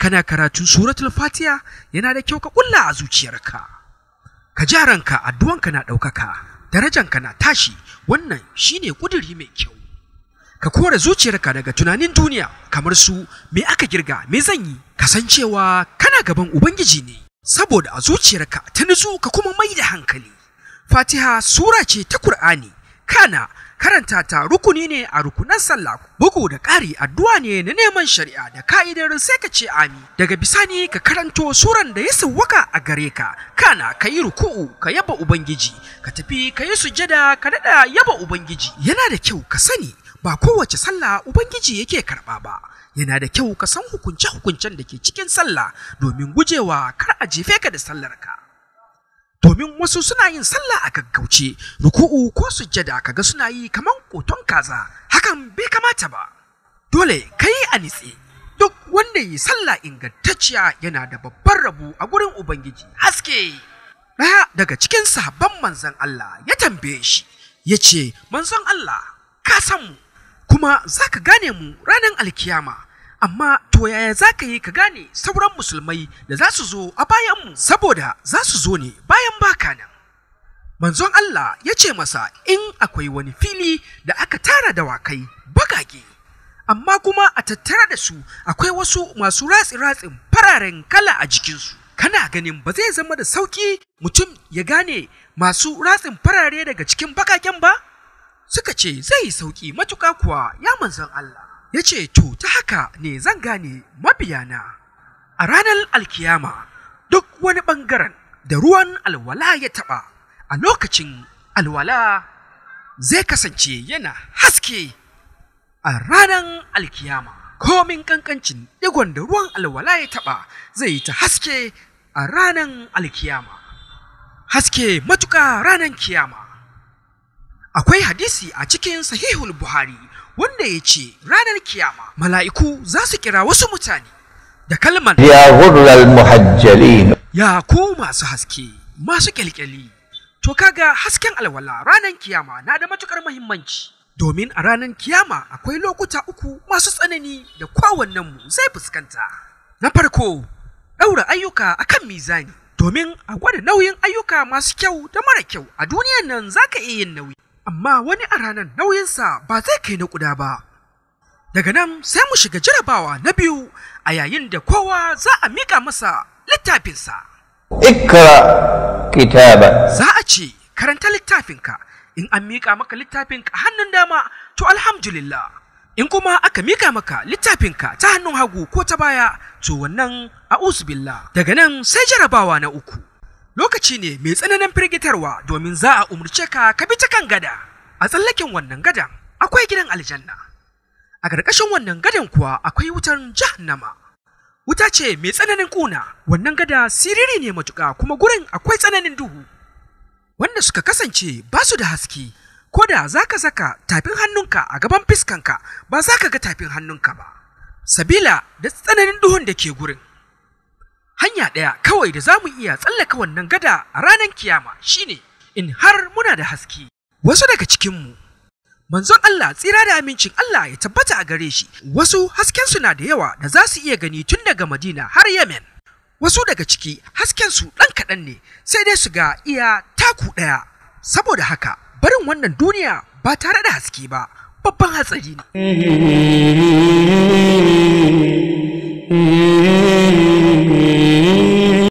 kana karatun suratul fatiha yana da kyau ka kulla a zuciyarka ka ji ranka addu'anka na ɗaukaka darajanka na tashi wannan shine ƙuduri mai kyau ka kore zuciyarka daga tunanin duniya kamar su me aka girga me zan yi kasancewa kana gaban ubangiji ne saboda a zuciyarka ta nutsu ka kuma mai da hankali fatiha sura ce ta Kur'ani, kana karanta ta rukuni ne a rukunan sallah bugu da ƙari addu'a ne na neman shari'a da ka'idar sai ka ce ami daga bisani ka karanto suran da ya sawwaka a gare ka kana ka yi ruku'u ka yaba ubangiji ka tafi ka yi sujada ka daɗa yaba ubangiji yana da kyau ka sani ba kowace sallah ubangiji yake karɓa ba yana da kyau ka san hukunce-hukuncen da ke cikin sallah domin gujewa kar a jefe ka da sallarka domin wasu suna yin sallah a gaggauce ruku'u ko sujjada kaga suna yi kaman koton kaza hakan bai kamata ba dole kai a nitse duk wanda yi sallah ingantacciya yana da babban rabu a gurin ubangiji haske ɗaya daga cikin sahabban manzon Allah ya tambaye shi ya ce manzon Allah ka san mu kuma za ka gane mu ranar alkiyama amma to yaya za ka yi ka gane sauran musulmai da za su zo a bayanmu saboda za su zo ne bayan baka nan manzon Allah ya ce masa in akwai wani fili da aka tara dawakai bagage amma kuma a tattara da su akwai wasu masu ratsi-ratsin fararen kala a jikinsu kana ganin ba zai zama da sauki mutum ya gane masu ratsin farare daga cikin bakaken ba suka ce zai yi sauki matuƙa kuwa ya manzon Allah ya ce to ta haka ne zan gane mabiyana a ranar alkiyama duk wani ɓangaren da ruwan alwala ya taba a lokacin alwala zai kasance yana haske a ranar alkiyama komin ƙanƙancin digon da ruwan alwala ya taɓa zai ta haske a ranar alkiyama haske matuƙa ranar kiyama akwai hadisi a cikin sahihul buhari wanda ya ce ranar kiyama mala'iku za su kira wasu mutane da kalmar ya ghurral muhajjali ya ku masu haske masu kyalkyali to kaga hasken alwala ranar kiyama na da matukar muhimmanci domin a ranar kiyama akwai lokuta uku masu tsanani da mu zai fuskanta na farko ɗaura ayyuka akan mizani domin a gwada nauyin ayyuka masu kyau da mara kyau a duniyar nan zaka iya yin nauyi amma wani a ranar nauyinsa ba zai kai na ƙuda ba. Daga nan sai mu shiga jarabawa na biyu a yayin da kowa za a miƙa masa littafinsa. Ikra kitaba. Za a ce karanta littafinka in an miƙa maka littafinka hannun dama to alhamdulillah. In kuma aka miƙa maka littafinka ta hannun hagu ko ta baya to wannan a a'uzubillah. Daga nan sai jarabawa na uku. lokaci ne mai tsananin firgitarwa domin za a umarce ka ka bi ta kan gada a tsallaken wannan gadan akwai gidan aljanna a ƙarƙashin wannan gadan kuwa akwai wutar jahannama wuta ce mai tsananin ƙuna wannan gada siriri ne matuƙa kuma gurin akwai tsananin duhu wanda suka kasance ba su da haske ko da za ka saka tafin hannunka a gaban fiskanka ba za ka ga tafin hannunka ba sabila da tsananin duhun da ke gurin hanya ɗaya kawai da za mu iya tsallaka wannan gada a ranar kiyama shine in har muna da haske wasu daga cikinmu manzon Allah tsira da amincin Allah ya tabbata a gare shi wasu haskensu na da yawa da za su iya gani tun daga Madina har Yemen wasu daga ciki hasken su ɗan kaɗan ne sai dai su ga iya taku ɗaya saboda haka barin wannan duniya ba tare da haske ba babban hatsari ne